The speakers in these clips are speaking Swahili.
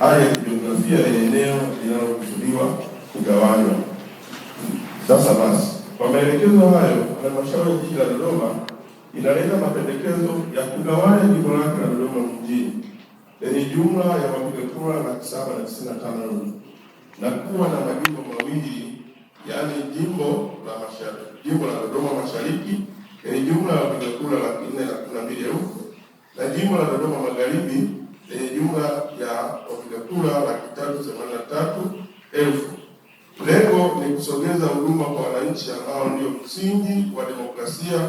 Haya ya kijiografia ni eneo linalokusudiwa kugawanywa. Sasa basi, kwa maelekezo hayo, halmashauri ya jiji la Dodoma inaleta mapendekezo ya kugawanya jimbo lake la Dodoma mjini lenye jumla ya wapiga kura laki saba na tisini na tano na kuwa na majimbo mawili, yaani jimbo la mashariki, jimbo la Dodoma mashariki lenye jumla ya wapiga kura laki nne na kumi na mbili elfu na jimbo la Dodoma magharibi lenye jumla ya wapiga kura laki tatu themanini na tatu elfu. Lengo ni kusogeza huduma kwa wananchi ambao ndio msingi wa demokrasia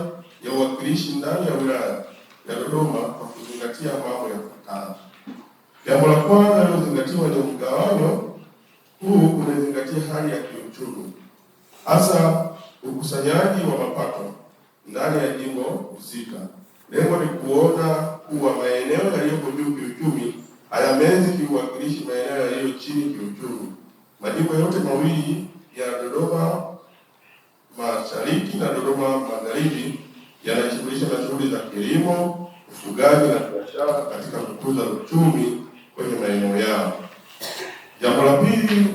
ya uwakilishi ndani ya wilaya ya Dodoma kwa kuzingatia mambo yafuatayo. Jambo la kwanza linalozingatiwa ni mgawanyo huu unazingatia hali ya kiuchumi, hasa ukusanyaji wa mapato ndani ya jimbo husika. Lengo ni kuona kuwa maeneo yaliyo Dodoma Magharibi yanajishughulisha na shughuli za kilimo, ufugaji na biashara katika kukuza uchumi kwenye maeneo yao. Jambo la pili,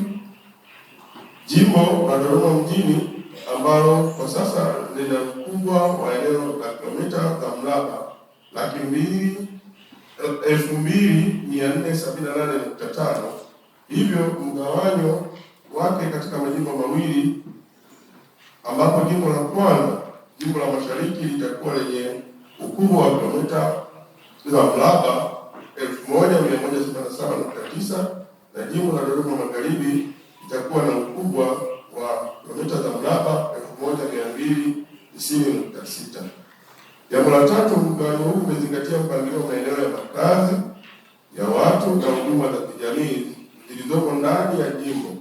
jimbo la Dodoma mjini ambalo kwa sasa lina ukubwa wa eneo la kilomita za mraba laki mbili elfu mbili mia nne sabini na nane nukta tano hivyo mgawanyo wake katika majimbo mawili ambapo jimbo la kwanza, jimbo la mashariki litakuwa lenye ukubwa wa kilomita za mraba 1177.9 na jimbo la Dodoma magharibi litakuwa na ukubwa wa kilomita za mraba 1296. Jambo la tatu, mgawanyo huu umezingatia mpangilio wa maeneo ya makazi ya watu na huduma za kijamii zilizoko ndani ya jimbo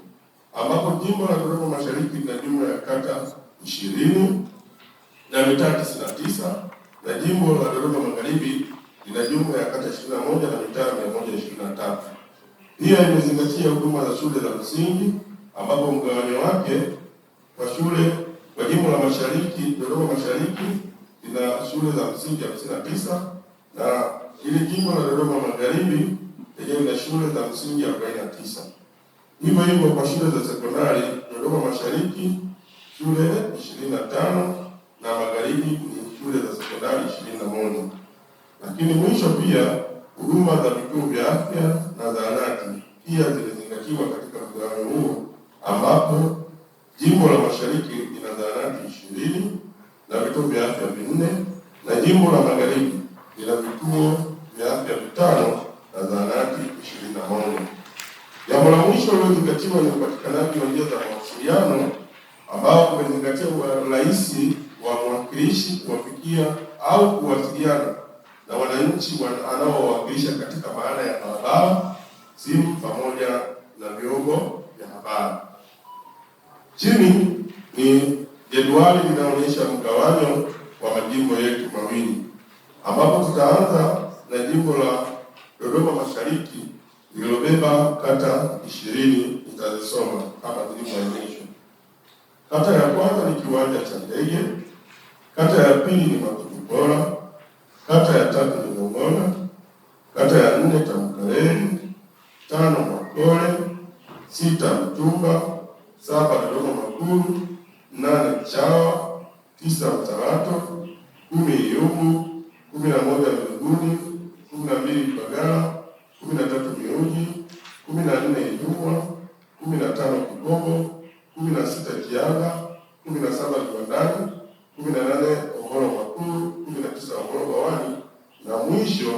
ambapo jimbo la Dodoma Mashariki lina jumla ya kata 20 na mitaa 99 na jimbo la Dodoma Magharibi lina jumla ya kata 21 na mitaa 123. hiyo Pia imezingatia huduma za shule za msingi ambapo mgawanyo wake kwa shule kwa jimbo la Mashariki, Dodoma Mashariki lina shule za msingi 59 na ili jimbo la Dodoma Magharibi lenyewe lina shule za msingi 49. Hivyo hivyo kwa shule za sekondari Dodoma Mashariki shule ishirini na tano na Magharibi ni shule za sekondari ishirini na moja lakini mwisho pia huduma za vituo vya afya na zahanati pia zilizingatiwa katika mgawanyo huo ambapo jimbo la Mashariki lina zahanati ishirini na vituo vya afya vinne na jimbo la Magharibi lina vituo vya afya vitano na zahanati ishirini na moja. Jambo la mwisho lilozingatiwa ni upatikanaji wa njia za mawasiliano ambapo umezingatia urahisi wa mwakilishi kuwafikia au kuwasiliana na wananchi anaowawakilisha katika maana ya barabara, simu pamoja na vyombo vya habari. Chini ni jedwali linaonyesha mgawanyo wa majimbo yetu mawili ambapo tutaanza na jimbo la Dodoma Mashariki Nimebeba kata ishirini, nitazisoma hapa zilivyoainishwa. Kata ya kwanza ni kiwanja cha ndege, kata ya pili ni Magugu Bora, kata ya tatu ni Nong'ona, kata ya nne Tambukareli, tano Makole, sita Mtumba, saba Dodoma Makuru, nane Chawa, tisa Mtarato, kumi Iyumbu, kumi na moja saba Liwandani, kumi na nane Oghorogwa Kuu, kumi na tisa Oghorogwa Wani na mwisho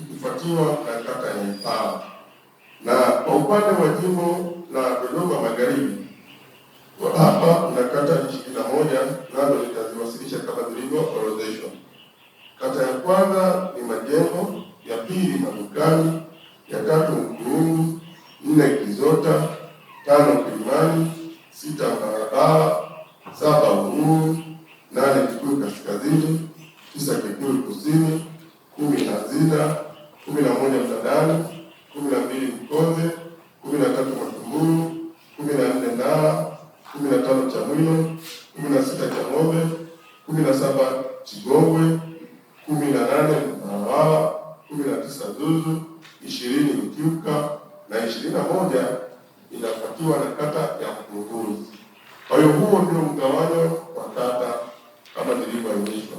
ikifuatiwa na kata ya Ipala. Na kwa upande wa jimbo la Dodoma Magharibi, hapa na kata ishirini na moja nazo nitaziwasilisha kama zilivyoorodheshwa. Kata ya kwanza ni Majengo, ya pili Madukani, ya tatu Mkuungu, nne Kizota, tano Kilimani, sita barabara saba Uhuru, nane Kitui Kaskazini, tisa Kitui Kusini, kumi Hazina, kumi na moja Mdadani, kumi na mbili Mkoze, kumi na tatu Matumburu, kumi na nne Ndala, kumi na tano Chamwino, kumi na sita Chang'ombe, kumi na saba Chigongwe, kumi na nane Mawala, kumi na tisa Zuzu, ishirini Mkiuka na ishirini na moja inafuatiwa na kata ya hiyo huo ndio mgawanyo wa kata kama nilivyoonyeshwa.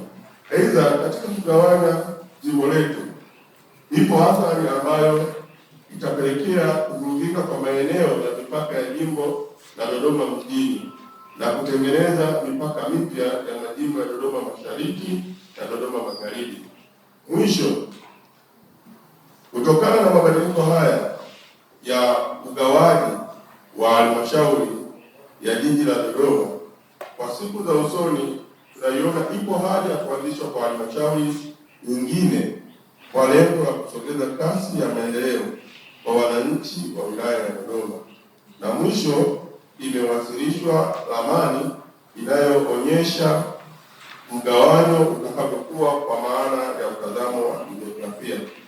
Aidha, katika kugawanya jimbo letu ipo athari ambayo itapelekea kuvunjika kwa maeneo ya mipaka ya jimbo la Dodoma mjini na kutengeneza mipaka mipya ya majimbo ya Dodoma mashariki na Dodoma magharibi. Mwisho, kutokana na mabadiliko haya ya ugawaji wa halmashauri ya jiji la Dodoma. Kwa siku za usoni, tunaiona ipo haja ya kuanzishwa kwa halmashauri nyingine kwa lengo la kusogeza kasi ya maendeleo kwa wananchi wa wilaya ya Dodoma. Na mwisho, imewasilishwa ramani inayoonyesha mgawanyo utakavyokuwa kwa maana ya mtazamo wa